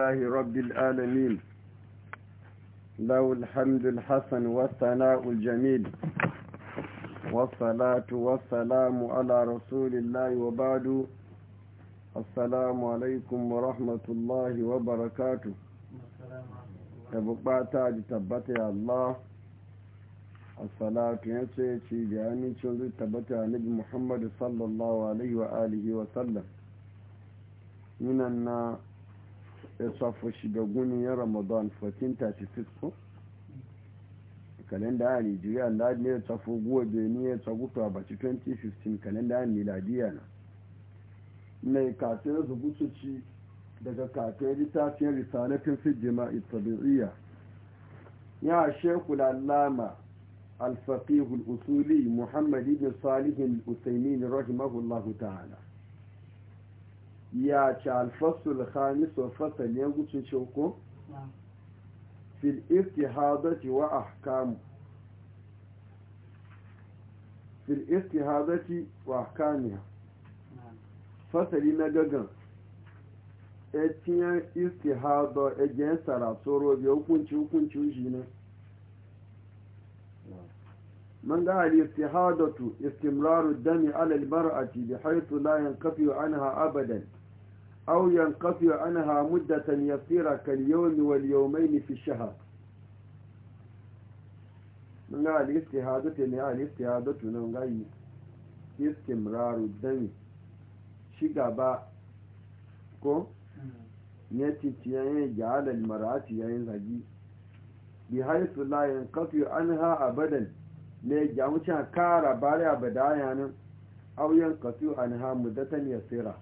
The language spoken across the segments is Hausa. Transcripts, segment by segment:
لله رب العالمين له الحمد الحسن والثناء الجميل والصلاة والسلام على رسول الله وبعد السلام عليكم ورحمة الله وبركاته تبقى تبتي الله الصلاة ينسي تيجاني تنزل تبتي عن نبي محمد صلى الله عليه وآله وسلم من النار ya safo shiga gunin ramadan 1436 ko kalenda a nigeria na ne ya safo guwa benin ya sagutu a baci 2015 kalenda a miladiya na mai kafin rubutu ci daga kafin littafin risalatin fi jima'i tabi'iyya ya shekul allama الفقيه الأصولي محمد بن صالح الأثيمين رحمه الله تعالى ya ci alfasul khamis wa fasal gucin shoko fil irtihadati wa ahkamu fil irtihadati wa ahkamiya fasali na gagan etiyan irtihada ejen sarasoro bi e hukunci hukunci shi ne من قال الاستحاضة استمرار الدم على المرأة بحيث لا ينقطع عنها أبدا أو ينقطع عنها مدة يصير كاليوم واليومين في الشهر من قال الاستهادة من قال الاستهادة من قال استمرار الدم شقبا كو يتتين جعل المرأة ينزجي بحيث لا ينقطع عنها أبدا ne jamucin kara bari abada yanin auyen kasu an ha mudatan yasira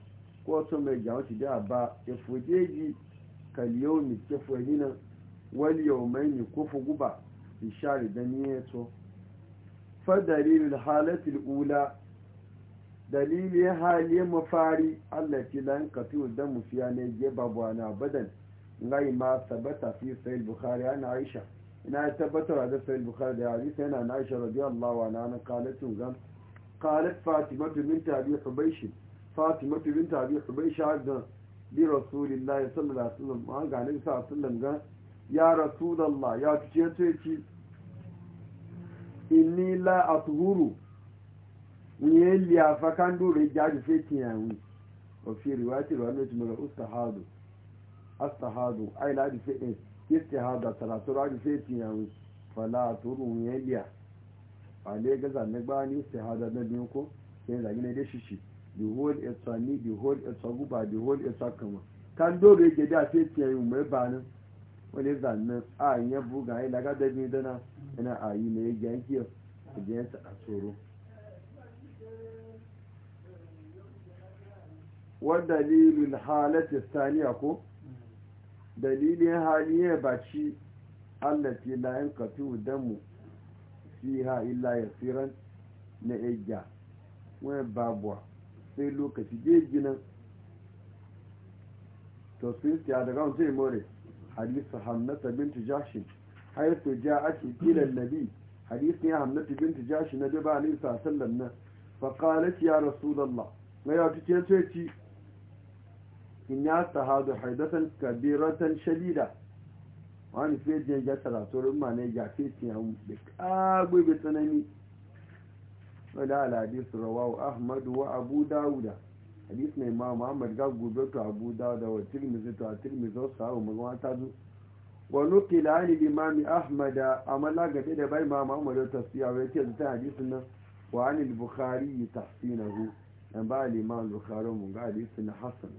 ko sun mai jawo shi da ba ya fuje ji kaliyau ke fuhi nan wal yau mai ne ko fugu ba in share da ni ya to fa dalilin halatul ula dalilin hali mafari Allah ki lan katu da mufiya ne je ana badan ngai ma sabata fi sahih bukhari ana aisha ina tabbatar da sahih bukhari da hadisi yana na aisha radiyallahu anha qalat tun gam qalat fatima bint abi hubaysh fatima bin tabi bai shaga bi rasulillahi sallallahu alaihi wasallam an ga nabi sa alaihi ga ya rasulullah ya tuce tuce inni la atuhuru nye liyafa kan dure jaji fetin yawon wafi riwati ruwanu jimura ustahadu astahadu ai la ladi fetin istihada talatu ladi fetin yawon falaturu nye liya a le gaza na gbani istihada na biyo ko sai zagi na de shishi the the whole ni behold a tsani behold a tsaguba behold a tsakama kan doro yake da sai tiyayi mai banin wani zannan a yin buga ya laga da bi dana yana a yi na yake yanki ya kujen sa a tsoro wadda dalilin halatta saniya ko dalilin hali ya baci allafi layan katu damu fiha illa ya firan na egya wani babuwa sai lokaci jeji nan to su yi a daga wancan more hadisu hamnata bintu har haisu ja ake kilan nabi hadisu ya hamnata bintu jashi na daba ne sa sallan nan faƙalati ya lalla na ya fi kece ci in ya ta hadu haidatan kabiratan shadida wani sai jin ya tsara turin ma ne ya fi tiyan da ƙagbe tsanani wadda alhadisu rawahu ahmadu wa abu dawuda hadis mai ma muhammad ga gobe to abu dawuda wa tirmizi to a tirmizi wasu hawa magana ta zu wa nukila an limami ahmada amala gabe da bai ma muhammadu tafsiya wa yake zuta hadisin nan wa an bukhari zu, dan ba liman bukhari mun ga hadisin hasan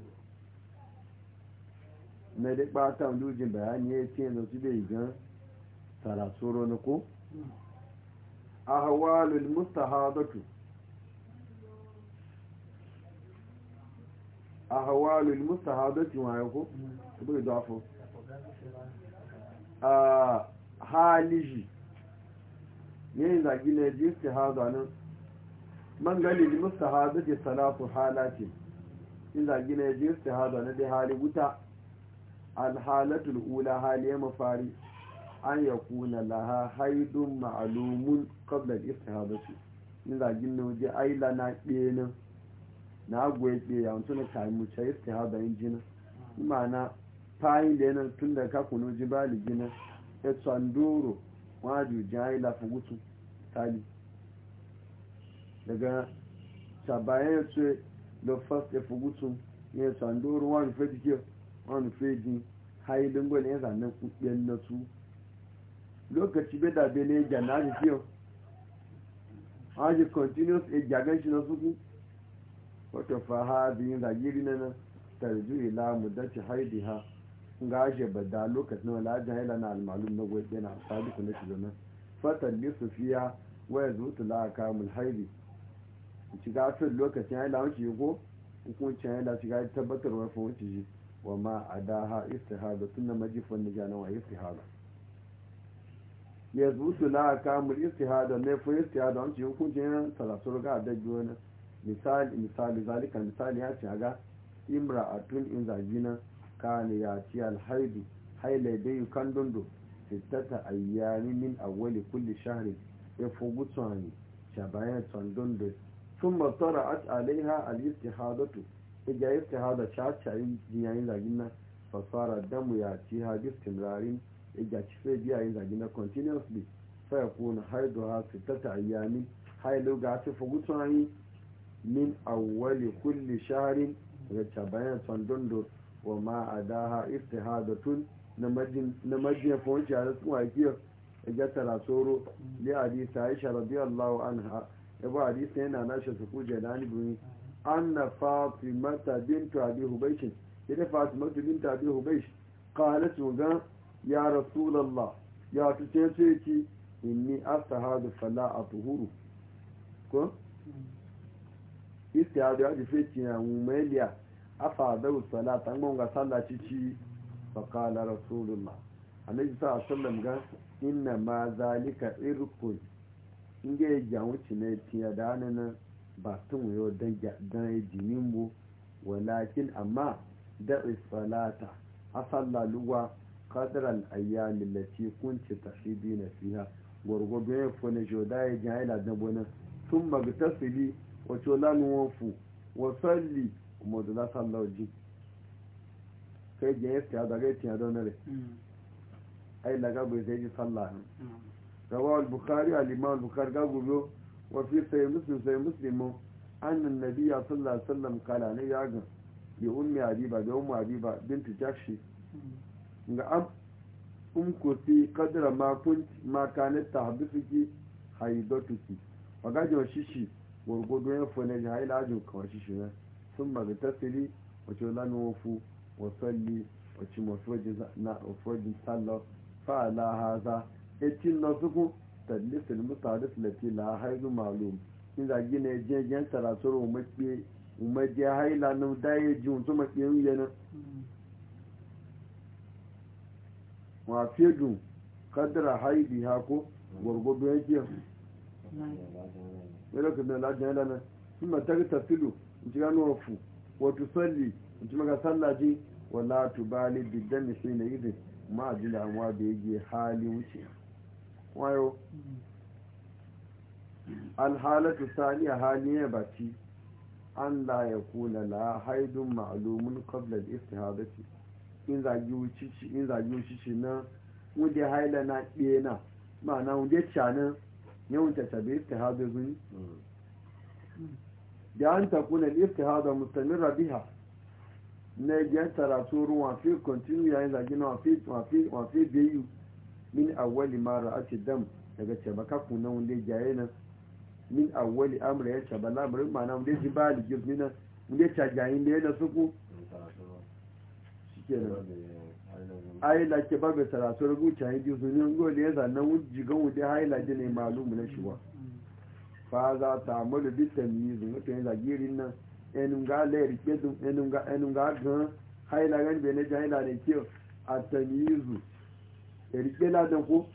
na duk ba ta lujin bayani ya ce yanzu su bai gan sarasoro na ko ahwalul mustahadatu ahwalul mustahadati wa yako tabi dafo ah haliji yayin da gine ji istihada man gali li mustahadati salatu halati inda gine ji istihada na da hali wuta al ula hali mafari an ya kuna laha haidun ma'alumun kablar istihabatu in zagin na waje aila na ɗaya na agwai ya wato na kayan muca istihaba yin jina ma'ana da yanar tun da ka kuno ji ba ligina ya e tsandoro wajujin aila fugutu tali daga sabayen ya ce da fast ya fugutu ya tsandoro wani fejike wani fejin haidun gwani ya zanen kuɗin na su lokaci bai dabe ne ja na ji fiyo a ji continuous a jagan shi na suku wato faha biyun zagiri na nan tarju ila muddaci haidi ha ga shi bada lokacin wala jan ila na almalum na gwai na sadu kuna shi zama fatan bi fiya waya zutu la ka mul haidi ci ga fin lokacin ila wani shi ko hukuncin ila ci ga tabbatarwa fa wani shi wa ma adaha istihada sunna majifan nijana wa istihada ya zutu na kamun istihada ne fi istihada wancin hukuncin talasur ga adaggi wani misali misali zalika misali ya ce ga imra a tun in zagi na kane ya ci alhaidu haila da yi kan dundu fitata ayyani min awwali kulli shahri ya fugu tsani shabayan tsan dundu sun matara alaiha al-istihadatu ya istihada cha cha yin yayin zagin nan fasara damu ya ci hadis timrarin ya sai biya yin zagi na continuously sai ko na ha da hasu ta ayyami hailu ga su fagutun min awwali kulli shaharin daga cabayan sandondo wa ma a daha istihadatun na majiyar fahimci a rasu wakiyar ya tara tsoro ya hadisa aisha allahu anha ya ba hadisa yana nashi su kuje da hannu an na fatimata bintu abi hubaish ita fatimata bintu abi hubaish qalat mu gan ya rasulallah ya tuce ce ki inni astahadu fala a tuhuru ko istihadu ya jife ki na umeliya afa da usala ta ngonga sallah cici a na jisa a sallam ga inna ma zalika irkun inge jawu cine tiya hannu ba tun yau dan dan jinin bu walakin amma da salata a luwa kadiral ayyami lati kunci tafibi na fiya gwargwado ya fi na shoda ya ji haila da bonan sun magtasili wato lanuwan fu kuma da za ji kai ga ya zaga yake yadda wani rai mm. ai laga bai zai ji sallah ne mm. rawa al-bukhari al-imam al-bukhari ga gubo wa fi sai muslim sai muslimu annan nabiyya sallallahu alaihi wasallam kala ne ya ga bi ummi habiba da habiba binti jahshi mm. nga am um ko fi kadra ma kun ma kana tahdifiki haidatuki waga jo shishi gurgudu ya fone ya haila ajin kawai shishi ne sun maga tasiri wace lami wofu wasalli wace mafojin sallah fa'ala haza etin na suku tallifin mutadif lati la haizu malum in zagi ne jejen taratar umarje haila na daya ji mutum a tsirin yanar mafiye dun kadara haidi hako gwargwado yake yadda ka bin lajin yadda nan sun ta tafilu in ci gano wafu wato salli in ci maka sallaji wala tubali bidan da shi na izin ma a ji damuwa da yake hali wuce wayo alhalatu sani a hali ya baci an la ya kula la haidun ma'alumin qabla al-istihadati in zagi wucici in zagi wucici na wunde haila na ɗaya na ma'ana wunde canan yawan tattabe iftihadu zuni da an takuna iftihadu mustamirra Rabiha na yajiyar taratu ruwan fi kontinu yayin zagi na wafi biyu min awali mara a dam daga cebaka kuna wunde jaye na min awali amra ya cebala amra ma'ana wunde jibali gizmina wunde cajayin da ya da suku kenan aila ke ba bai saratu rubuta ya ji zunin gole ya zannan wujigan wuce haila ji ne malumu na shiwa fa za ta malu bitan yi zunin ta yi zagiri na enun ga layar kedun enun ga gan haila gan bai na ji haila ne ke a ta yi tamizu ya rike ladan ko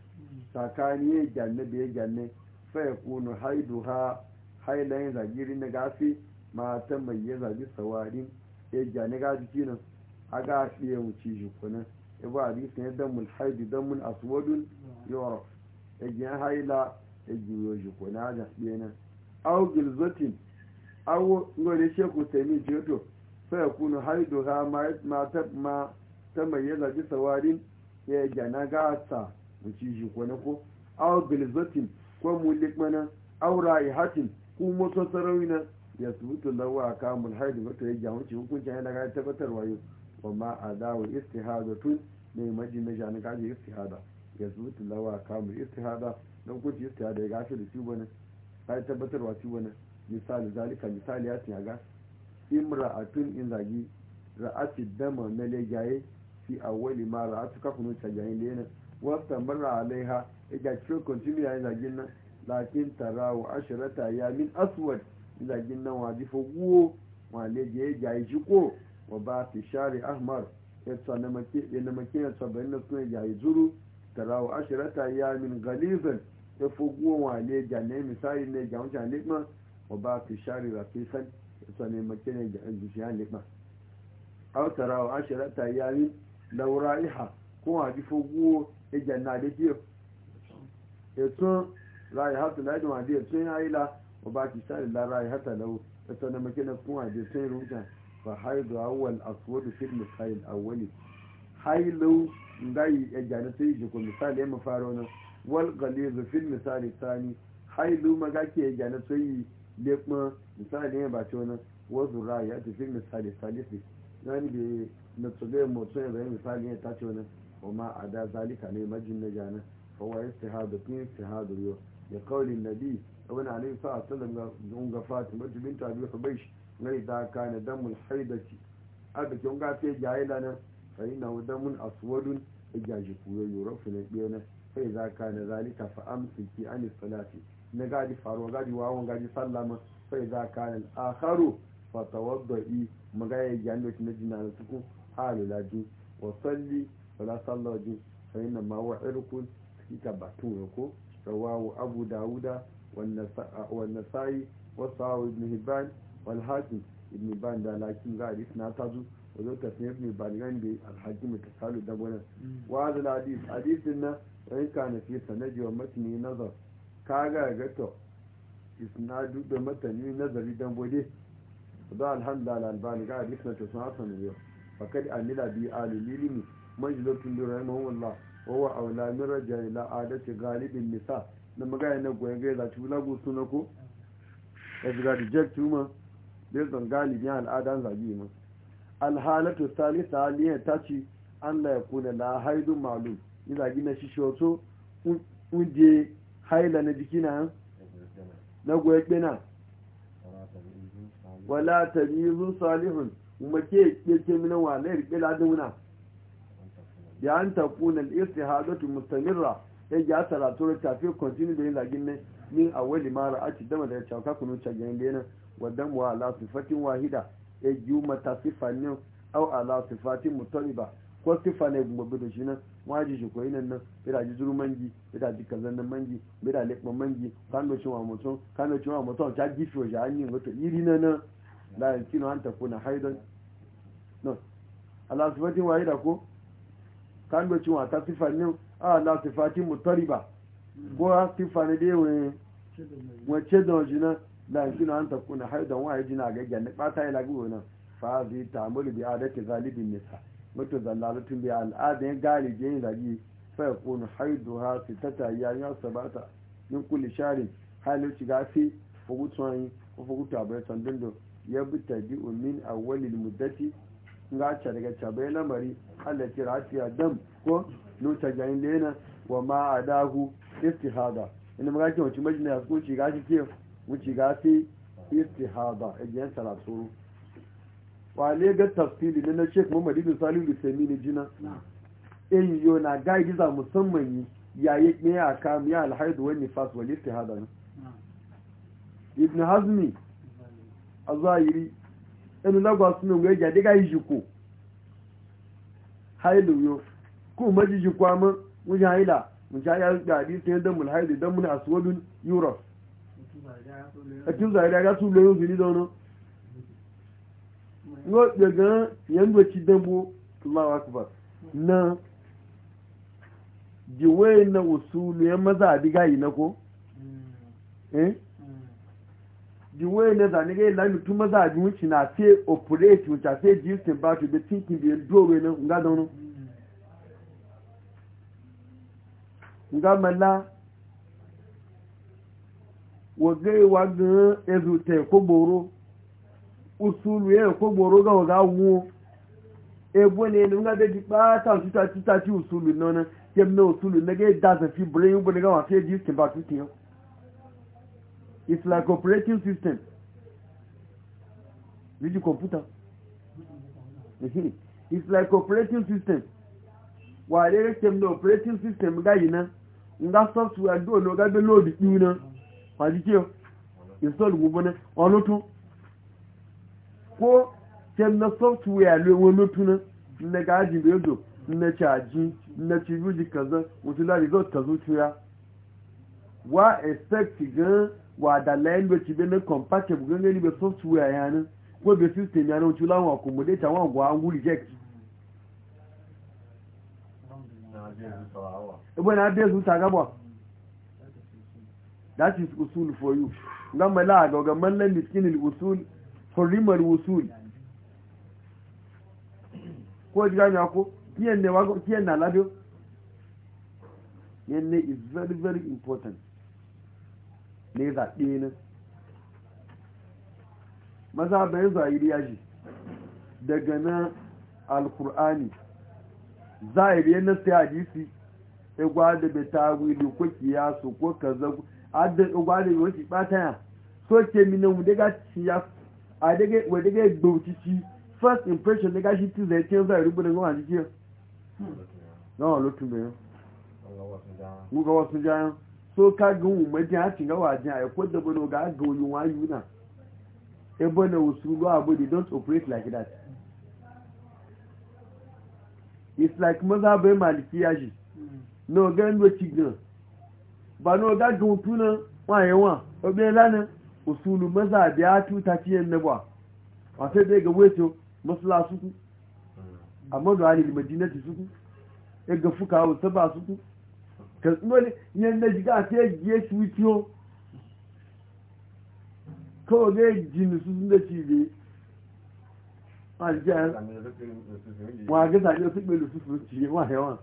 tsakani ya gyanne da ya gyanne fa ya kunu haidu ha haila yin zagirin na gafi matan mai ya zagi sawarin ya gyanne gafi kinan aga ya wuce shi kuna ibu hadisi ne damun haidi damun aswadun yorok egiyan haila egiyo shi kuna aga fiye nan au gilzotin au ngole sheku taimi jeto sai ya kunu haidu ha ma ta mai yadda ji sawarin ya gana gasa wuce shi kuna ko au gilzotin ko mulik mana yi ra'ihatin kuma sosarawi nan ya su lawa a kamun haidu wata ya gyamuci hukuncin ya daga tabbatarwa yau wa ma a zawo istihada tun ne maji na jani kaji istihada ya zuci lawa kamun istihada don kunci istihada ya gashi da ciwo ne ya tabbatarwa ciwo ne misali zalika misali ya tiya gas imra'atun in zagi ra'ati dama na legaye fi awwali ma ra'atu kafin ta jayin lena wasta marra alaiha ida cikin continue yayin zagi nan lakin tarawo ashirata ya min aswad zagin nan wajifa guwo wale je ya jayi shi ko wa ba fi share ahmar yadda na maki ya sabayin da suna yi zuru tarawa ashirata ya min galizan ya fi guwan wale ga ne misali ne ga wancan nikma wa ba fi shari rafisan yadda na maki ne ga an zuciya nikma au tarawa ashirata ya min laura'iha ko a ji fi guwo ya janna da ke yato ra'ihatu na yadda wade tun ya yi la wa ba fi shari la ra'ihata lau yadda na maki na kuma da sun rubuta fa haidu awwal aswadu fi misal awwali hailu ngai ya jani sai ji ko misali ya mafaro nan wal ghaliz fi misal thani hailu maga ke ya jani sai misali ya ba ce wannan wa zura ya ta fi misal salisi yani bi na tsoge mu tsoye bayan misali ya ta ce wannan وما عدا ذلك عليه مجن نجانا فهو استهاد في استهاد يو لقول النبي wani alayhi sa'a sallam ga unga fatima ta binta biyu hubaish ngai da kana damul haidati abu ke sai jahila nan fa inna damun aswadun ijaji kuyo yurafu na biyo na sai za ka na zalika fa amsiki an salati na gadi faruwa gadi wawon gadi sallama sai za ka na akharu fa tawaddai magaya jando na jina suku halu laji wa salli wala sallaji fa inna ma wa irkun kika batun ko rawahu abu dawuda والنسائي والصحاوي ابن هبان والحاكم ابن هبان ده لكن قال إثناء تازو وذو تسمية ابن هبان غنبي الحاكم التسالو دبونا وهذا الحديث حديث لنا وإن كان في سنجي ومتني نظر كاغا غتو إثناء دو متني نظري دبوني وذو الحمد لله البان قال إثناء تسمع سنجي فقد أمل بي آل ليلمي مجلوك اللي رحمه الله وهو أولا من رجع إلى عادة غالب النساء na magana na goyon gai za ci lagu suna ko ya shiga reject ma bai zan galibin al'adar zabi ma alhalatu salisa aliyar ta ce an la ya kuna la haidun malu yi zagi na shi shoto unje haila na jiki na na goye kina wala tamizun salihun kuma ke keke mina na ya rike ladin wuna da an tafi na al-istihadatu mustamirra ya ji asara turu tafi kontinu da yin zagin nan min a wani mara a ci dama daga cauka kunu cagen gena wadda mu ala sifatin wahida ya ji mata sifanin au ala sifatin ba ko sifa ne gumbabi da shi nan waji shi koyi nan nan bida ji zuru mangi bida ji kazan nan mangi bida lekpa mangi kano cewa mutum kano cewa mutum ta gifi wa jahani wato iri na nan la yankinu an tafi na haidan no ala sifatin wahida ko kano cewa ta sifanin ala ah, sifati mutariba ko sifa ne dai wace da jina la jina an ta kuna haidan wa yaji na gaggan ne ba ta yi lagi wannan fa zai ta'amulu bi adati zalibin nisa mutu zallalatun bi al'adin galibi yin zagi fa yakunu haiduha sitata yayin sabata min kulli shari halin shiga fi fugutuwan ko fugutuwa abai sandun da ya bi tabi'u min awwalil muddati ga ca daga cabai lamari allati rafiya dam ko lota jayin lena wa ma a istihada ina maka ke wancin majina ya suko shiga shi ke wuce ga fi istihada ejiyan sarasoro wa ne ga da na ce kuma muhammadu bin salihu da jina in yo na za musamman yi yi ne ya kam ya alhaidu wani nifas wani istihada ibn hazmi a zahiri ẹnu lọ́gbà súnmọ̀ ẹgbẹ̀ jẹ́ yi ìṣùkò hailu yóò ku majiji kwamin wajen haila mun sha ya da hadisi yadda mun haila don mun aswadun europe a cikin zai da ga su lo zuri da no no daga yanda ci dambo Allahu akbar na jiwe na usulu ya maza a diga yi na ko hmm. eh hmm. jiwe na zane ga ilami tun maza ji wuce na sai operate wuce sai ji sun ba to be thinking be dole na ga da no hmm. ngamala wage wage ezute koboro usulu ye koboro ga waga wo ebone ni nga de dipata tita tita ti usulu nona kemne usulu nege doesn't fi brain bone ga wa fi dis kemba tuti yo it's like operating system viji computer it's like operating system wa lere kemne operating system ga yina nga software do no ga be load diuna faji ke install go ne ono to ko tem na software le wo no tuna ne ga ji be do ne charge ne ti ruji kaza utila result kazu tuya wa expect gan wa da lendo ti be ne compatible gan ni be software yana ko be system yana utila wa accommodate wa go an reject ibn abia zuta gaba that is usul for you gama la ga ga mallan miskin al usul rimar usul ko ji ganya ko kiyan ne wago kiyan na labio ne is very very important ne za ɗina maza bayan zahiri yaji daga na alkur'ani zahiri yana sai hadisi ya gwada bai tawili ko kiyasu ko kaza adda gwada bai wuce bataya so ke mina mu daga ciya a daga wa daga gbauci ci first impression daga shi ti zai ce zai rubuta ga wani ke no lotu bai mu ga wasu jayan so ka ga mu mai a cin ga wajen ai ko da bano ga ga yun wayu na e bana usulu abu they don't operate like that it's like maza bai maliki ya shi na oga ndo cigan ba na oga guntu na wayewa obe lana osunu maza biya tuta ciyen na ba a sai dai ga weto masala suku amma da halin madinati suku ya e ga fuka ta ba suku ka tsoli yan na jiga a ya giye shi wuciyo kawai ga jini su sun da biyu. wọ́n jẹ́ wọ́n agẹ́sà yóò tí pẹ̀lú fífún tí wọ́n hẹ́wọ̀n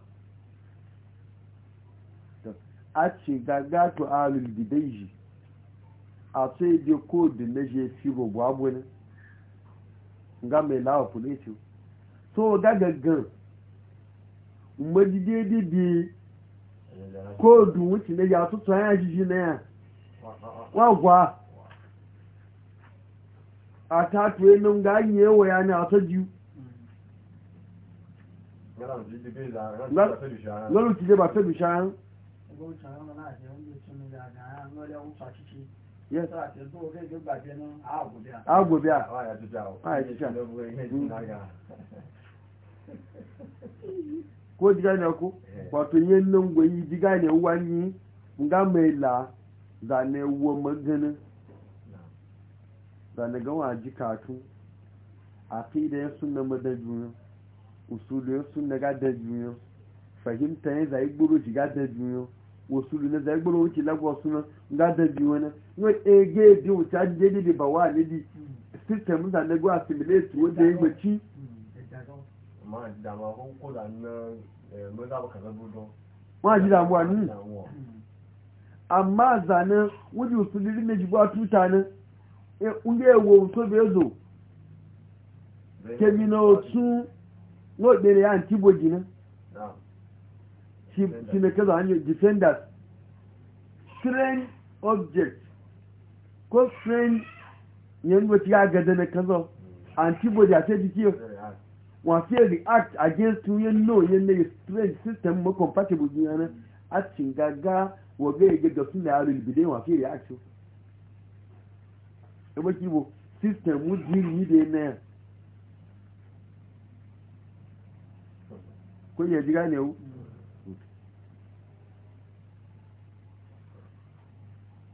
a ce gagato alul gidaiji a sai da kodin na je fi gbogbo abuwa ga mai lawa fuleci so gagaggan mmejide bibi kodin wuce na ya tutu hanyar jiji na ya wọ́n gwa a tatuwe nan gayi yawa ya na ta jiyu ti dé bá tẹ́bù ṣáyán agbòbíà ko diga ne ko eh. wato yin nan na diga ne wani ga mai la zane wa maganin zane gawa ji katu a da ya suna madajiyar usulu ya suna gadajiyar fahimta ya zai gburu ji gadajiyar na zai gburu wuce lagwa suna gadajiyar na yau ege bi wuce an jeji da ba wa ne di sistem da na gwa simulate wanda ya gbaci wọ́n ji damuwa ni amma zanen wajen usulu ne ji tuta ne E, ndị ewu ntobi ezo kebi na otu n'okpere ya nke igbo jina chineke zọ anya defenders strange object ko train ihe ngochi agada na kazọ hmm. antibody ati ejiki wọn fi react against onye nna onye nna ya strange system mo compatible jina hmm. na a chingaga wọga ege gọsi na arụ ibide wọn fi react o ẹgbẹ́ kí wo sísítẹ̀mù dìrì yìí dé náà kó yẹ jí gánà ẹ̀wú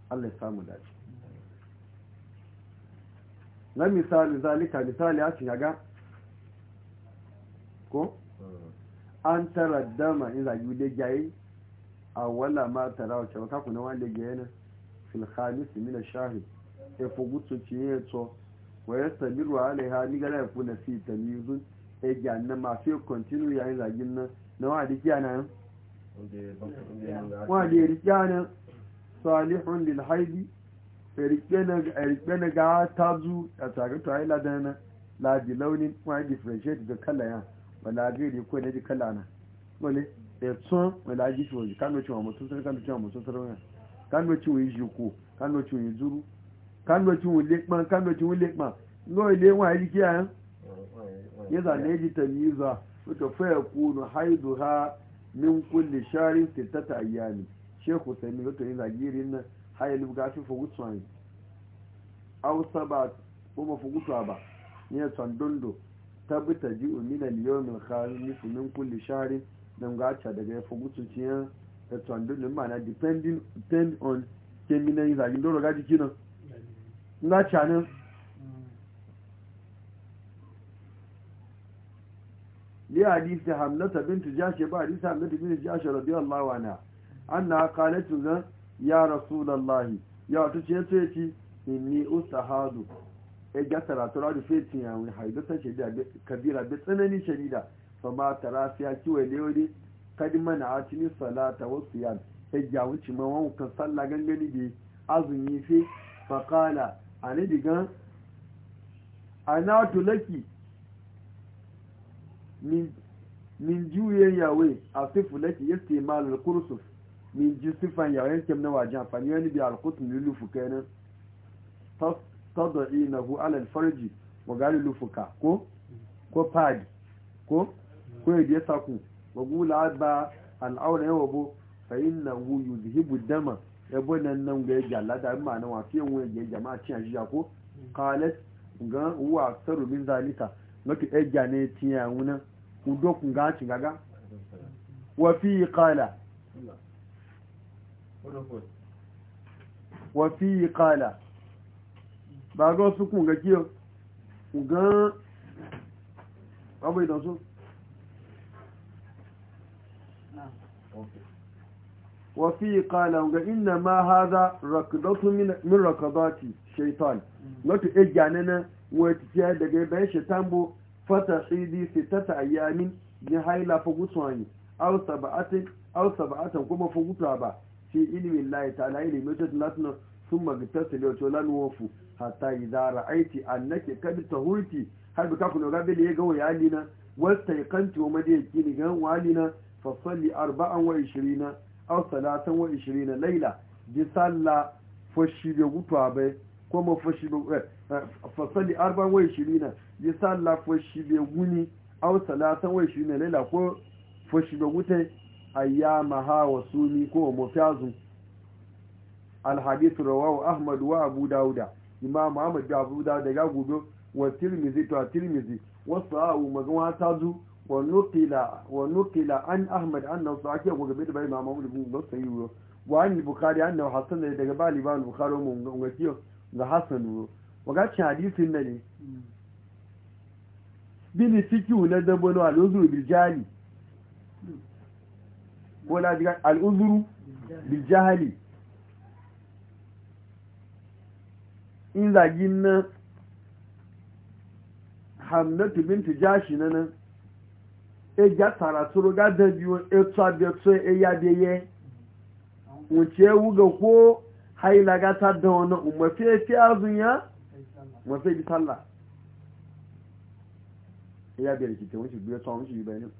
allah samu dace na misali zalika misali ya shiga ko an tara dama in zagi da gaye a wala ma tara wacce ba kakunan wanda gaye na filhamis mina shahid efo gutsu ci ya tso wa ya sabiru alaiha ni gara ya kuna fi fi kontinu yayin zagin nan na wa diki ana wa da riki ana salihun lil haidi rike na ga tazu a tare to ayi ladana laji launin wa differentiate ga kala ya wala gari ko ne ji kala na wale da tsun wala ji shi wa kano cewa mutum sai kano cewa mutum sai kano cewa yi ko, kano yi kánúwẹ̀tí wọn lè pán kánúwẹ̀tí wọn lè pán lọ ilé wọn àìrí kí àyán yẹ́dà lẹ́jì tẹ̀míyíza ó tọ́ fẹ́ ẹ̀kú nù haidu ha ní ń kó lè ṣáárí tètàtà ni ṣéèkù sẹ́mi ó tẹ̀yìn nàìjírí ná hayẹ ló ga fi àyìn haúsá bá ó mọ fògùtù àbà ní ẹ̀sán dondo tabbata ji umina liyomin kharin nufi min kulli sharin don gacha daga ya fagutu ciyan da tsandun mana depending on keminan zagin doro gaji kinan nga canin li hadisi hamlata bintu jashi ba hadisi hamlata bintu jashi na an na qalat zan ya rasulullahi ya wata ce ce ci inni hadu e ga taratura da fetin ya wani ta ce da kabira bi tsanani shadida fa ma tarafiya kiwa kadi mana a cini salata wasu yan e gyawuci wuce ma wankan sallah gangani bi azumi fi fa annabi gan anatu laki min min juyen yawe a sifu laki ya ce malar kursuf min ji sifan yaren kem na wajen amfani wani bi alkutun lulufu kenan tada'i na hu alal farji wa gari lufuka ko ko pad ko ko ya biya saku wa gula ba al'aura yawa bo fa inna hu yuzhibu dama ebo nan nan ga ya lada ma nan wa fiye wani ga jama'a cin ajiya ko kalet ga uwa saru min zalika ngati ejja ne tiya wuna udo kun ga cin gaga wa fi qala wa fi qala ba ga su kun ga kiyo ga abai da su وفي قال إنما هذا ركضة من ركضات الشيطان wato ya gyane na wata daga bayan shaitan bu fata tsidi sitata ayyamin ya haila fa gusuwani aw sab'atin aw sab'atan kuma fa gutuwa ba fi ilmi Allah ta'ala ilmi ta latna thumma bitasli wa yi wafu aiki idza nake annaki kad tahurti har bika kuno gabe da ya yaga wayalina wastaiqanti wa madiyaki ni gan walina fa salli arba'an wa 20 aw salatan wa 20 laila ji salla fashi be gutwa be ko ma fashi be eh, eh, fasali arban wa 20 ji salla fashi be guni aw salatan wa 20 laila ko fashi be gutai ayyama ha wa suni ko mafiyazu alhadith rawahu ahmad wa abu dauda imam ahmad da abu dauda ga gudo wa tirmizi to tirmizi wasu a'u magan wa tazu ونقل عن أحمد أنه صحيح وقبل بين إمام ابن سعيد وعن البخاري أنه حسن daga baliban البخاري ومغتيو ga Hassan wuro waga cin hadisin na ne bili fikiyu na dabbano al'uzuru biljali ko na diga al'uzuru biljali in zagin na hamdatu bintu jashi na nan eja taratoro gada biyu etu abetu eya beye wuce ewu ga ko haila gata da wani umarfe fi azun ya mafi e bi talla eya biyar kike wuce biyar tsawon shi bayanin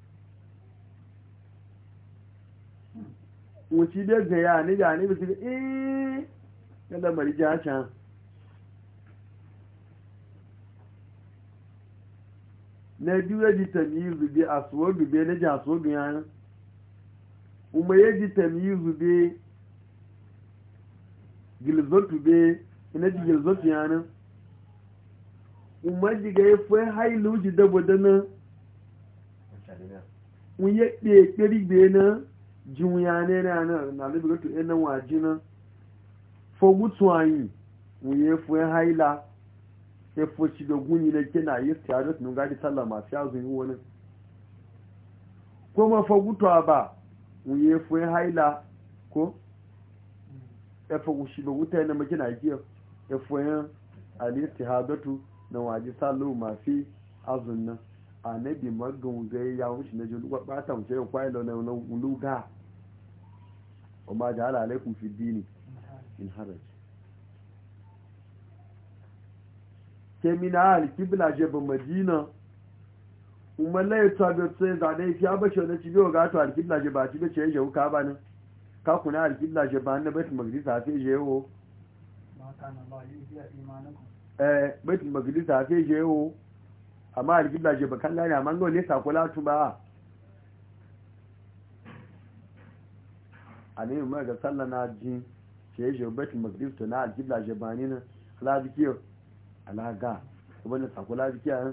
wuce biyar ga ya ni ga ni bisu ga eh yadda marija can na biyu ya ji tamizu be a suwadu be na ji a suwadu yana kuma ya ji tamizu be gilzotu be na ji gilzotu yana kuma ji ga ya fi hailu ji dabo da na un ya ɗe ƙiri na na jin yana na na na libiratu ɗan waje na e fogutu anyi un ya fi haila efoci da guni na kina yi tare da nungari sallama sai azun yi wani kuma fagutuwa ba wuye fuyin haila ko efoci da wuta yana makina giya efoyin alisti hadatu na waje sallama mafi azun nan a na bi magan gai ya wuce na jin ba ta wuce ya kwaye da wani ga? amma da ala alaikum fi dini in haraj ke mina alkibla je ba madina umarlai ta bi tsaye zane fi abashe na ci biyo gato alkibla je ba ci bace ya jawo ka ba nan ka kuna alkibla je ba na baitul magdis a fi je yawo eh baitul magdis a fi je yawo amma alkibla je ba kan gane amma ga wani sakola tu ba a ne mai ga sallana jin ce ya jawo baitul to na alkibla je ba ni na ala bikiyar alaga wani sakula jikiya eh?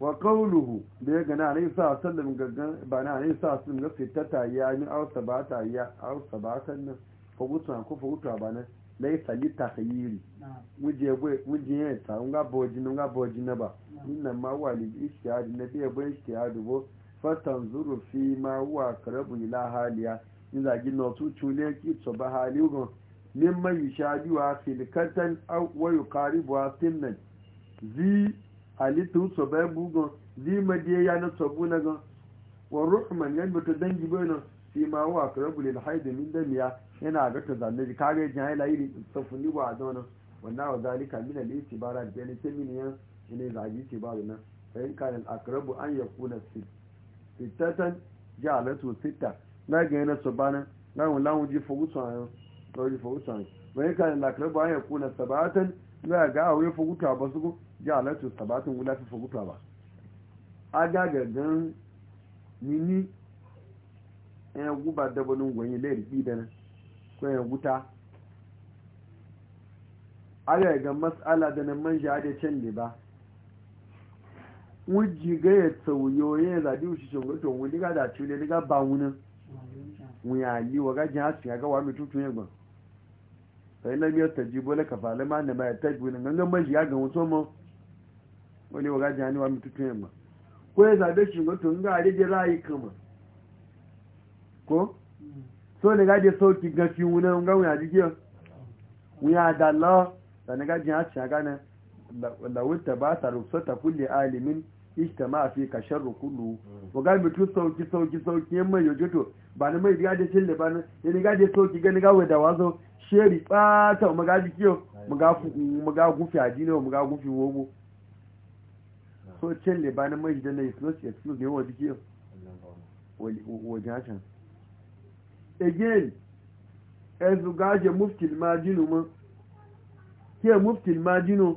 wa kauluhu da ya gana ne sa sallam gaggan ba na ne sa sallam ga fitata ya ni ausa ba ta ya ausa ba kan nan fa gutu ko fa gutu ba ne lai sali ta khayiri muje gwe muje ne ta nga boji nga boji na ba inna ma wali ishtihad na biya bo ishtihad bo tanzuru fi ma huwa karabu ila haliya zagi na wasu cule ki su ba haligun min mai shaɗiwa filikatan wayo karibuwa sinnan zi halittu su ba bugun zi madiya ya na sabu na gan wa ruhman yan mutu dangi bai nan fi ma wa karabu lil haidu min damiya yana ga ta zanne kare jan ila iri safuni ba a zauna wannan wa zalika min al istibara da ne min yan ne zagi ce ba nan fa in al aqrabu an yakuna sittatan ja'alatu láàgì ẹ̀nà sọ̀bánà láwọn láwọn jí fọ́gútọ̀ àyàn lọ́wọ́ jí fọ́gútọ̀ àyàn wọ́n yí kàlẹ̀ làkàrẹ́ bọ́ àyàn kú na sàbátàn láàgá àwẹ́ fọ́gútọ̀ àbọ̀ sókó jẹ́ àlẹ́tò sàbátàn wúlá fi fọ́gútọ̀ àbà agagagan ni ní ẹ̀yàn guba dabanin wọ̀nyí lẹ́rìí da na ko a ga ga mas'ala da na manja da can ne ba wujiga ya tsawuyo ya zaɗi wuce shugabaton wani ga da cule ga ba wunan wuya yi wa gajin hasu ya gawa mai tutun yagbon sai na biyar ta jibo na kafalin ma da mai tajibo na gangan bashi ya gawo somo wani wa gajin hannuwa mai tutun yagbon ko ya zaɓe shi wato in ga rage rayu kama ko so ne gaje sauki fi wuna ga wuya jikiyar wuya da Allah da na gajin hasu ya gane lawunta ba ta ta kulle alimin ishtama fi ka sharru kullu wa hmm. ga mutu sauki sauki sauki yamma yojoto ba na mai riga da ba na ya riga sauki gani ga wai da wazo sheri tsata mu ga jikiyo mu ga mu ga gufi adino mu ga gufi wogo hmm. so cin shille ba na mai da na excuse excuse ne wa jikiyo wa jashan again ezugaje muftil majinu mu ke muftil majinu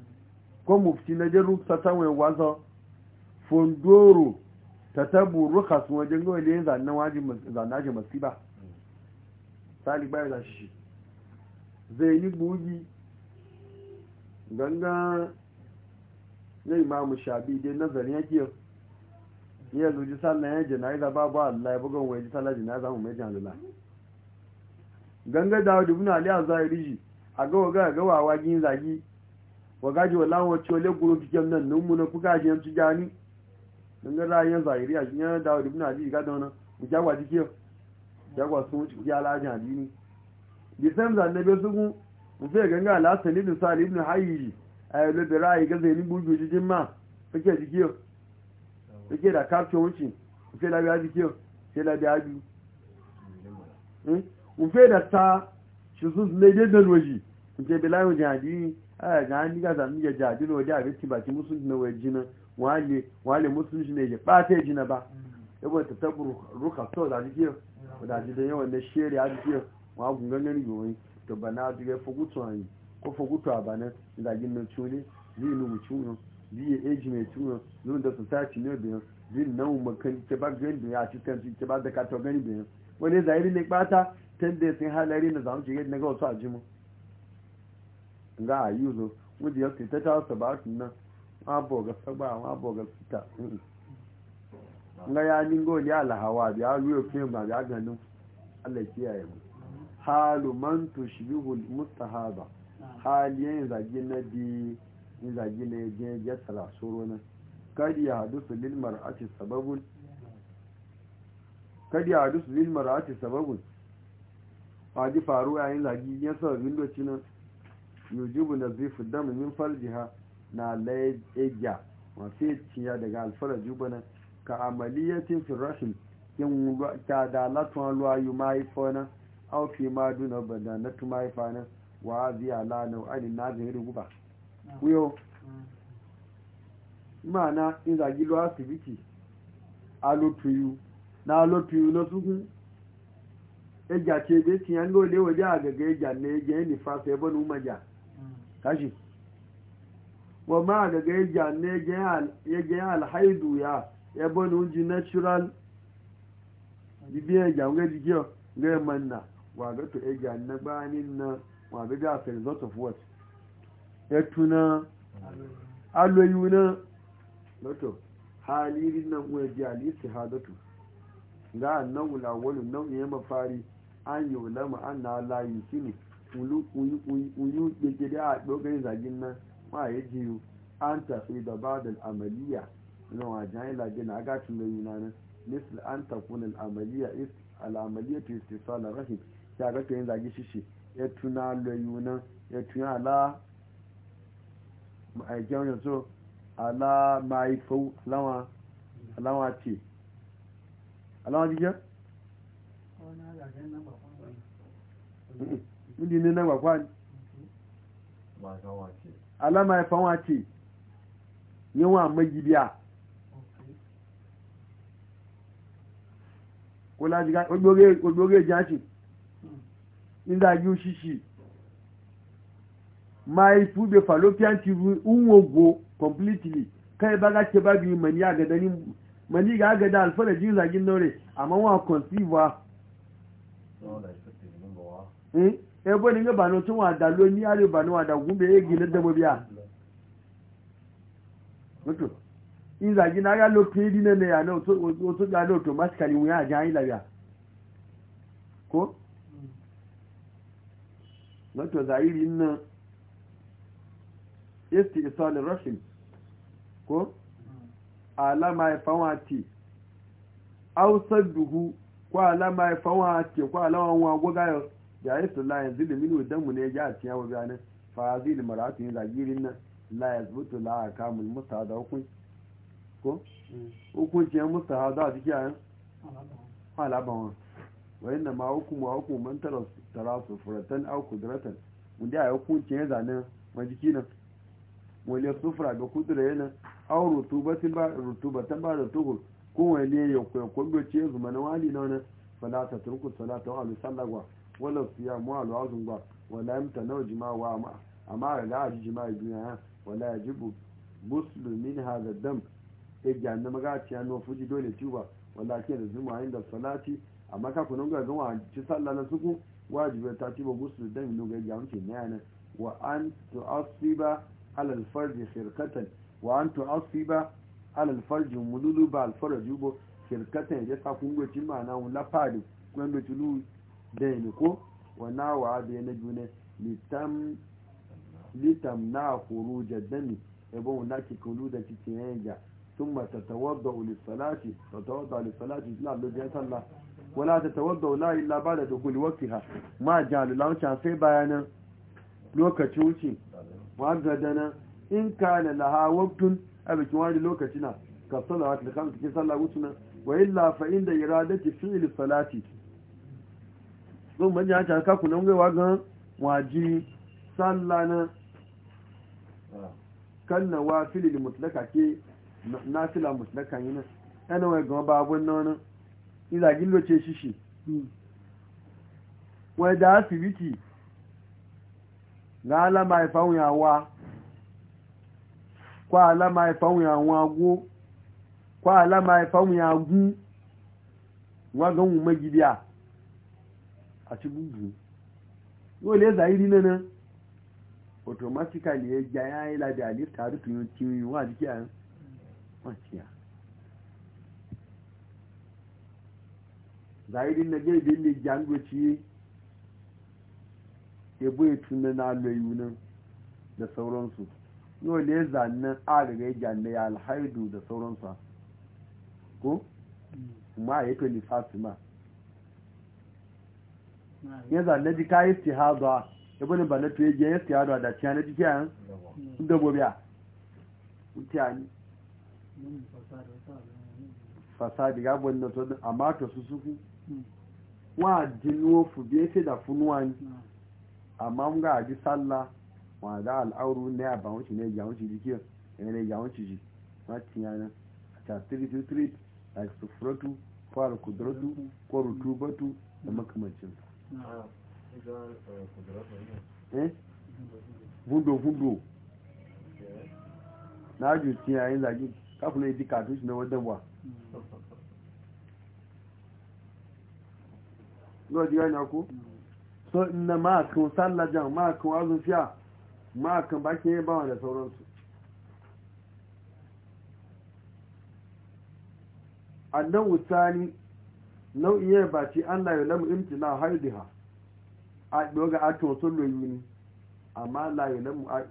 ko mufti na jin ta sanwai wasa fondoro ta tabu rukas wajen gawa ne zanaji masu ba talibai bayan za shi zai yi bugi ganga na imamu shabi dai nazarin yake iya zuji sallan ya jana'iza babu allah ya bugan waje sallan jana'iza zama mai lula ganga dawo dubu na aliyar zahiri a gawa gawa gawa wagin zagi wagaji wallahi wacce wale guru kikem nan nan mu na kuka ji yanzu jani dan ga rayan zahiri a jinya da wadi ibn ali ga da wannan mu jagwa dike jagwa sun wuce ya laji dini bi sam zan ne be su mu mu fe ganga la salid salid ibn hayyi ay le da rayi ga zai ni bugu ji jimma fike dike ke da kafce wuce mu fe da biya dike sai da biya bi hmm? mu fe da ta shi su ne da waji mu ce bilayo jihadi Aya eh, ga an diga zan ya ja dino da abin baki musulunci na waje jina wale wale musulunci ne ya bata jina ba yabo ta tabu ruka to da dike da ji da yawan da shiri a dike wa gungan gani yoyi to bana diga fugutu an ko fugutu a bana da gin no chuli ni no muchuno ni e eji me chuno no da society ne biyan ni nan makan ke ba gani ya ci kan ci ke ba da ka to gani biyan wani zahiri ne bata tende sun halari na zamu je na ga wasu ajimu ga a yi zo wadda ya fita ta wasu ba su nan ma boga saba ma boga fita nga ya ningo ya alhawa ya ruwa fiye ma ya ganin allah kiyaye mu halu man tushbihu mustahaba yin zagi na bi zagi na je ya tsara soro na kadi ya hadusu lilmar mar'ati sababun kadi ya hadusu lilmar mar'ati sababun fadi faru yayin zagi ya sababin lokacin nan. yujubu nazifu dam min farjiha na laigya masu ciya daga alfara jubana ka amaliyatin firashin yin ta da latuwan ruwa yi mahaifana au fi ma duna bada na tu mahaifana wa ziya la wani na zai guba kuyo ah. ah. ma'ana in zagi ruwa asibiti a lotuyu na lotuyu na sukun ejja ce bai ciyan gole waje a gaga ejja ne ejja ya nifa sai bani umarja kashi wa ma daga ya ne ya alhaidu ya ebe na unji natural bibiyar gyan ga jikiyar ga manna wa ga to ya gyan na ni na wa ga ga fair result of what ya tuna aloyi na lato halirin nan wa ji alisi hadatu ga annan wulawalin nau'in ya mafari an yi ulama an na layi shi uyu gbegede a dogon zagin nan ma ya jiyu an tafi da badal amaliya na wajen yi lagin a gacin da yuna nan misal an tafi takun al'amaliya al'amaliya ta yi istisal rahim ya ga yin zagi shishi ya tuna da yunan ya tuna ala ma'aikin so ala ma'aifau lawa alawa ce alawa jijiyar? ndị nne na gwakwani alama ya fanwa ce yawa magibiya ogbogbo jaci inda yi oshishi ma ifu be fallopian tube unwogo completely kai ba ga ce ba bi mani a gadanin mani ga agada alfada jin zagin nore amma wa conceive wa ebe ni ga bano tun wada lo ni are bano wada gumbe e gile da bo biya mutu in za gina ga lo pe dine ne ya no to to ga lo automatically we a jan ila biya ko mutu zairi nan isti isal rashid ko alama ya e fawati au sadduhu ko alama ya e fawati ko alama wa gogayo jaye su la yanzu da minu dan ne ya ci yawa bayanin fazil maratu da girin nan la yanzu to la ka mu musa da hukun ko hukun ce musa da dike ayan hala ba wa wayanna ma hukum wa hukum man tara tara su furatan aw kudratan mun da hukun ce da nan wani ya sufura ga kudura yana aw rutubatin ba rutubatan ba da tuhur ko wani ya kwaikwaiwa ce zuma na wani fana ta turku salatu alisallawa wala fiya mu a azun ba wala yamta nau jima wa ma amma a ga ji jima biya ya wala ya yajibu muslimin hada dam e ga na maga ti an fuji dole ci ba wala ke da zuma inda salati amma ka kunun ga ga wa ci sallah na suku wajibi ta ci ba muslim dan no ga ga mutun ne ana wa an tu'assiba ala al-farj khirqatan wa an tu'assiba ala al-farj mululu ba al-farj yubo khirqatan ya ta kungo ci ma na wala fadi kwendo tulu daini ko wa na wa abu yana june litam na kuru jaddami ebe wana ki kuru da cikin yanja tun ma ta tawadda ulisalati ta tawadda ulisalati zina lo jiyan talla wana ta tawadda wana illa ba da dogon wafi ha ma jalu launcha sai bayanan lokaci wuce ma gadana in ka na laha waktun a bikin wani lokaci na ka da wa ta kama cikin sallah wuce na wa illa fa inda iradaki fi ulisalati don maji haka kaku nan gaiwa gan waji tsalla na kannawa filil mutlaka ke na fila mutlaka yi na yana wai gama babun na wani izagin loce shishi wai da asibiti ga alama ifan yawa kwa alama ifan yawon agwo kwa alama ifan yagun wagon umagidiya A àti búburú yóò lè zàírí náà automatically ẹja yá ìlàdà àlífà àdúkùnrin tí ó wà ní kí a wọ́n ti à zàírí náà gẹ́ ìdí lè jàǹgò tí ebo ètù náà lọ ìwú náà da sauransu yóò lè zannan agaga jàǹdà alhaidu da sauransu ko ma a yi 25 ma ya zanne ji kayi istihaza ha bane ba na tuye ya istihaza da ciya na jiki yan dabobi a mutane fasadi ga gwanin to amma su suku wa jinuwa fu biye da funuwa ni amma mun ga aji sallah wa da al'auru ne a ban wuce ne ya wuce jiki ya ne ya wuce ji ma ta rutubatu da gundo eh? gundo na juti yayin zagi kafin yi dika tushe na wadda ba lọ di ọ̀nà kú so ina bawa da sauransu annan wutani nau nau'iye ba ci an layu lamu imtina haidiha a ɗoga a tosun loyi amma layu lamu a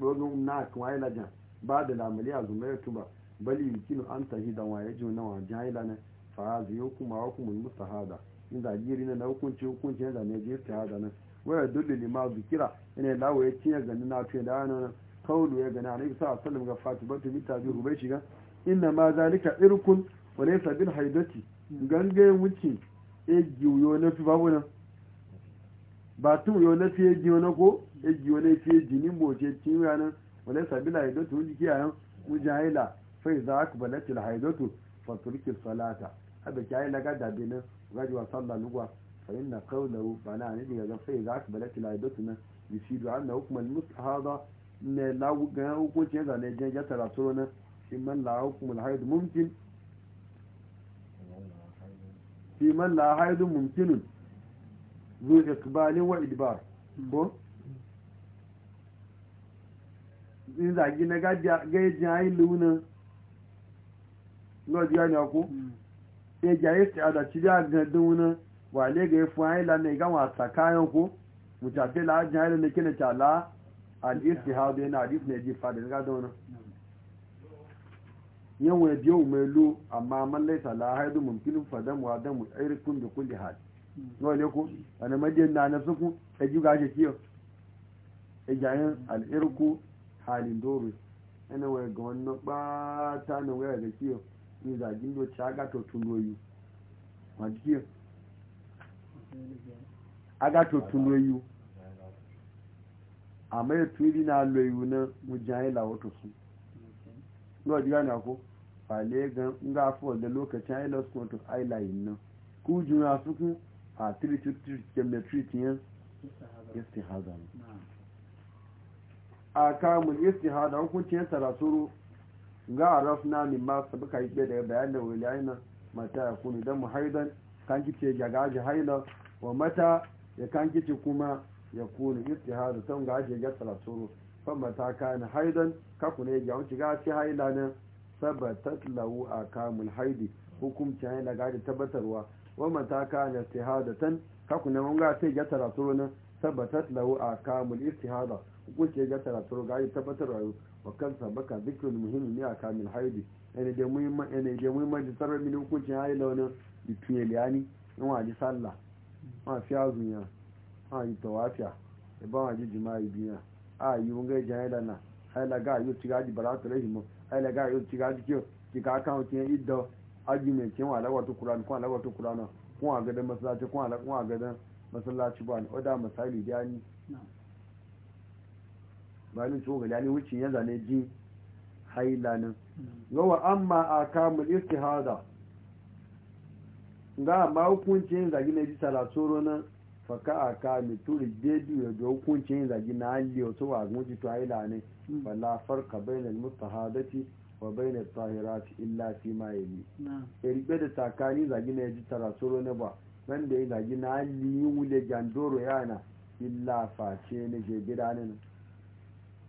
ɗoga na a tuwa ilajen ba da lamari a zumar ya tuba bali yi kinu an tahi da waye ji na wajen haila na fa'azi yi kuma wa kuma musta hada in da zagiri na na hukunci hukunci na zane je ta hada nan waya dole lima zikira ina lawo ya cinye ganin na tuya da hannun kaulu ya gani a nabi sa'a sallam ga fatu batu mita biyu rubai shiga inna ma zalika irkun wani sabbin haidati gangan wuce eji uyo na fi babu nan ba tun uyo na fi eji na ko eji na fi eji ni moce cin ranar wale sabila haidotu wani ji ki yan wujen haila fai za a kubala cila haidotu faturki salata haɗa ki haila ga dabe nan gajiwa sallah lugwa fa'in na kaunawu ba na hannun daga fai za a kubala cila haidotu nan shi an na hukumar musu ne lagu ga hukuncin zane jan ya tara turo nan shi man la hukumar haidu mumkin fi man la haidu mumkinun zu ikbalin wa idbar ko in zagi na gajin hain luna lọ́dí ya ni ọkú ẹjà ẹsẹ̀ àdàtí bí agandun wuna wà lẹ́gẹ̀ẹ́ fún hain lana ìgáwọn àtàkáyán kó mùtàfẹ́ láàájín hain lana kí na tààlá àdìsí ha ọdún ẹ̀nà àdìsí na yan wa biyo mai lo amma man laisa la haidu mumkinin fadam wa damu irkun da kulli hal no ne ko ana na na suku ta e ji kiyo e al irku halin doro ana wa ga wannan ba ta na wa ga kiyo ni da gindo chaga to tunoyu ma kiyo aga to tunoyu amma ya na loyu na mujahi wato su lọ́wọ́ jí gánà kó fàlẹ́ gan nga gá fọ́ da lokacin i lost control i lie nan ku juna sukun a 323 chemistry tiyan istihada a kamun istihada hukuncin sarasuru ga a na min ma sabu ka yi da bayan da wani aina mata ya kunu dan mu haidan kan kice gagaji haila wa mata ya kan kice kuma ya kunu istihada sun gaji ya sarasuru famata kana haidan ne ya gyawon shiga fi haila na sabatat lahu a kamun haidi hukumci haila gadi tabbatarwa wa mata kana istihadatan kakuna ga sai ya taraturo na sabatat lahu a kamun istihada hukumci ya taraturo gadi tabbatarwa wa kansa baka zikirin muhimmi ne a kamun haidi yana da da sarar mini hukuncin haila wani bitu ya liyani in waje sallah ma fiya azunya ma yi tawafiya ya ba waje jima'i biya a yi wunga jan haila na haila ga yau tiga ji bara tare shi mu haila ga yau tiga ji kyau ki ka kan kin idda argument kin wala wato qur'an ko wala wato qur'an ko a gadan masallaci ko wala ko a gadan masallaci ba ni da misali da ni ba ni so ga ni wuce yanzu ne ji haila nan yawa amma akamul istihada ga ma hukuncin zagi ne ji salatoro na. faka a ka mituri dedu ya ga hukuncin zagi na halli wasu wa guji to haila ne hmm. bala farka bainal mutahadati wa al tahirati illa fi ma yi ya da takani zagi na yaji tarasoro ne ba wanda da zagi na halli yi wule gandoro yana illa face ne je gida ne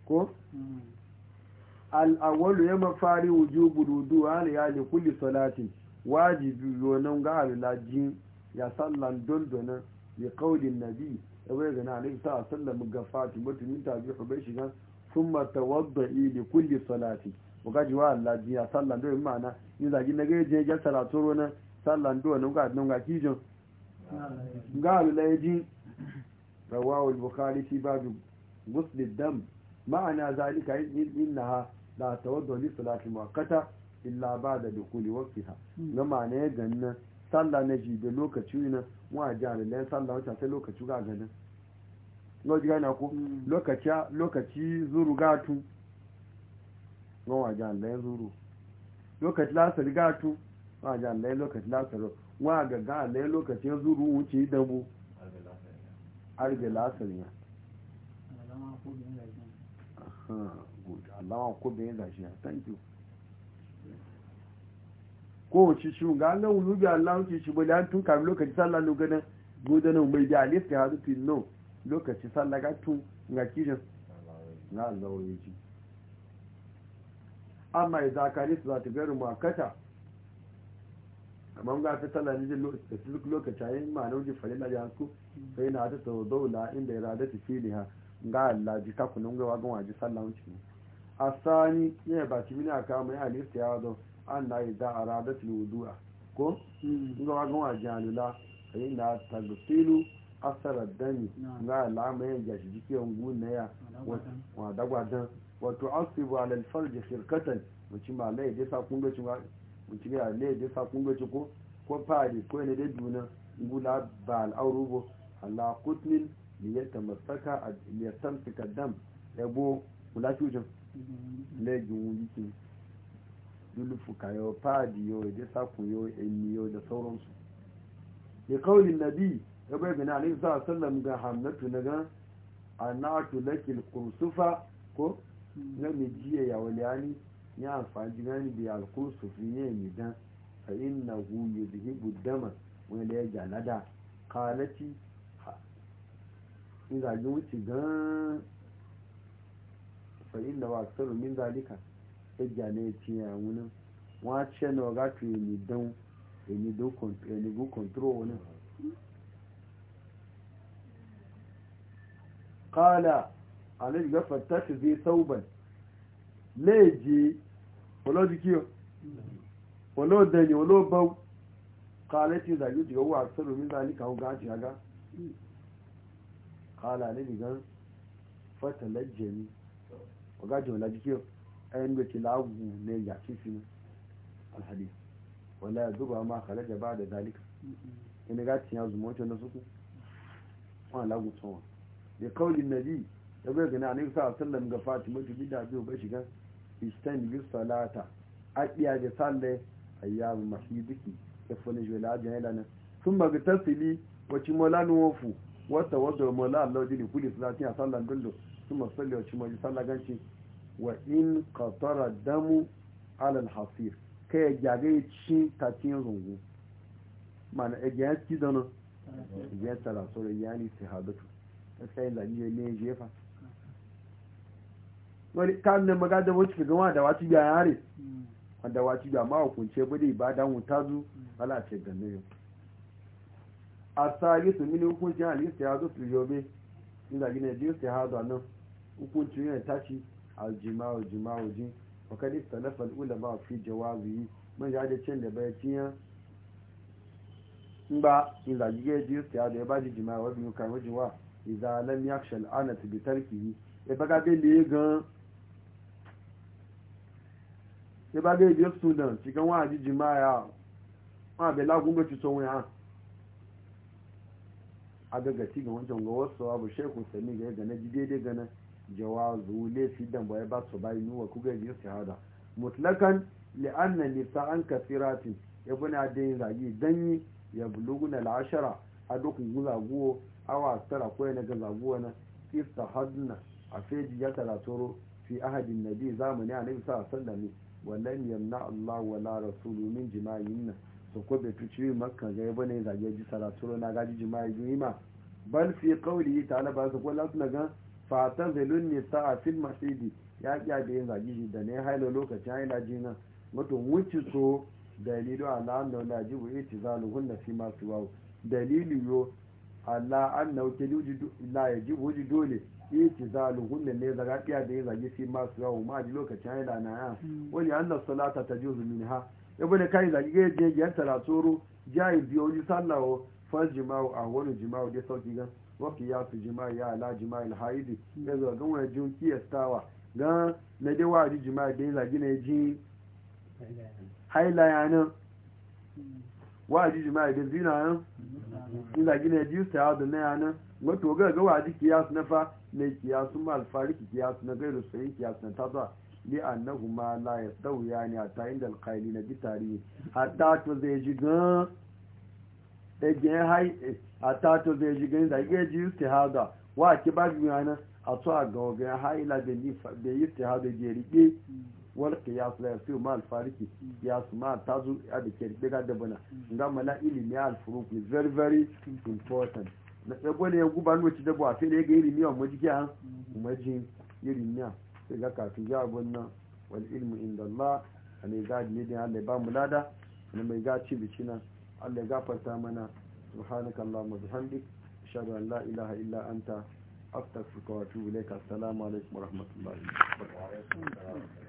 ko hmm. al'awwalu ya mafari wujubu dudu hali ya li kulli salatin wajibi nan ga alulajin ya sallan dondonan bi qaulin nabi abai ga nabi ta sallam ga fatima tun ta bi bai shiga sun thumma wadda li kulli salati buga jiwa Allah ji ya sallan ma'ana in zagi na gaje ya salatu rona na do nan ga nan ga kijin ga lulaji rawahu al-bukhari fi bab ghusl ad-dam ma'ana zalika innaha la tawaddu li salati muaqqata illa ba ba'da dukuli waqtiha ga ma'ana ya ganna sallah na ji da lokaci na a jihar layan sallah wata sai lokaci ga ganin mm. lokaci gana ko lokaci lokaci zuru gatu ga a jihar layan zuru lokaci lasar gatu a jihar layan lokaci lasar wa ga ga layan lokaci zuru wuce damu arge lasar ya alama ko bin gashi thank you kowace shi ga an gawun rubi Allah wuce shi bali an tun kami lokaci sallah no ganin godanin mai da alif ta hazu fi no lokaci sallah ga tun ga kishin na Allah wani ci amma ya zakari su za ta gari makata amma ga fi sallah ne jin lokaci a ma na wuce falila ya hanku sai na ta sau daula inda ya rada ta fili ha ga Allah ji takunan gawa gan waje sallah wuce ne a sani ne ba ci mini a kama ya alif ta hazu an na yi da a radar wudu'a ko ga wagon wa jalula a yi na tagfilu asarar dani na yin gashi jikin ya wa dagwadan wato asibu alal da shirkatan mace ma lai da sa kun gaci mutum ya lai dai sa kun ko ko fari ko ne dai duna gula ba al'aurubo ala kutnin da ya tamasaka a ya tamsika dam ebo kula cujin lai gungun jikin lulufuka yau fadi yau da saku yau ilmi yau da sauransu ya kaulin nabi ya bai bin alayhi sallam ga hamnatu na gan anatu lakil kursufa ko na jiya ya waliyani ya amfani gani da alkursufi ne mi dan fa inna hu yudhibu dama wani ya janada kala'ci in zagi wuce gan fa inna wa min zalika eja na etinye anwụ na nwa che na ọ gafe enidon enigo e control na kala alif gafa tafi zai sauban leji olodikiyo olodani olobau kala ce zage jiga wa saro min zalika hau gaji aga kala alif gan fata lajjani ọgájọ̀ ọ̀làjíkíọ̀ ayin da ke lagu ne ya ce shi alhadi wala ya zuba ma kala da ba da zalika ina ga ya zuma wacce na suku wa lagu tsawa da na bi da bai gani annabi sa a sallan ga fatima ta bida biyo ba shiga istan bi salata a a yi iya da salle ayyamu mahidiki ya fone jwela jana nan sun ba ga tasili wacce molanu wofu wata wadda mola Allah jini kuli salatin a sallan dullo sun masalli wacce mola sallan ganci wa in qatara damu ala al-hasir kai jage ci tatin rungu mana ejiya ci dana ejiya tara sore yani sihadatu sai la ne ne jefa wani kan ne maga da wuce gama da wati ya yare wanda wati ya ma hukunce bude ba dan wuta zu ala ce yau. a su mini hukuncin halitta ya zo su yobe inda gina biyu sai hadu a nan hukuncin yana tashi aljima'u jima'u jin fakad istalafa ulama fi jawabi man ya da cin da bai tiya in ba in da gige ji ta da ba ji jima'u wa biyu kan wajewa idza lam yakhsha al'anat bi tarkihi e baga be le gan e baga be yo student ti kan wa ji jima'a wa be lagun be ti so won ha aga ga ti ga wancan sami jawazu laifi dan baya basu ba su bayi nuwa kuga yi shahada mutlakan li'anna nisa'an kasiratin ibn adayin zagi danyi ya buluguna al'ashara a dukkan guzaguwo awa tara ko na ga zaguwa na istahadna a feji ya tara fi ahadin nabi zamani a nabi sallallahu alaihi wasallam wallan yamna Allah wala rasulu min jima'in nan su ko bai tuci makka ga ibn adayin zagi ji tara na gaji jima'i ma bal fi qawlihi ta'ala ba su ko gan fata zelun ne ta a fil masidi ya kiya da yin zagi shi da ne haila lokacin haila jina wato wuce so dalilu ala annahu la yajibu da fi masu wawo dalilu yo ala annahu tajudu la ji wuji dole itizaluhunna ne zaga kiya da yin zagi fi masu wawo ma ji lokacin haila na ya hmm. wani anna salata ha ya bude kai zagi ga je yan tara tsoro jayi biyo sallawo fas jima'u wani jima'u da sauki gan wa fi jima'i ala jima'il haidi ya zo ga wani jin kiyastawa ga na dai wa ji jima'i da yanzu gina ji haila yana wa ji jima'i da zina nan in gina ne ji ustawa da na yana wato ga ga wa ji kiyasu na fa na kiyasu ma alfariki kiyasu na gairu sai kiyasu na tazo li annahuma la yastawiya a hatta inda alqailina bi tarihi hatta to zai ji gan ejen hai e, a tato zai ji gani da iya ji yusti haga wa ki ba biyu yana a to a ga ogan haila da yusti haga je rike walke ya su lafi ma alfariki ya su ma ta zo a da ke rike ga dabana nga mala ilimi alfuruku is very very important na ebo ne ya guba nuci dabo a fere ga ilimi a majiki a majin ilimi a sai ga kafin ya gwanna nan wal ilmu inda Allah a ne ga ne da ya ba mu lada na mai gaci na. Allah ya gafarta mana subhanaka allahumma bihamdik ashhadu an la ilaha illa anta astaghfiruka wa atubu ilaik assalamu alaikum wa rahmatullahi wa barakatuh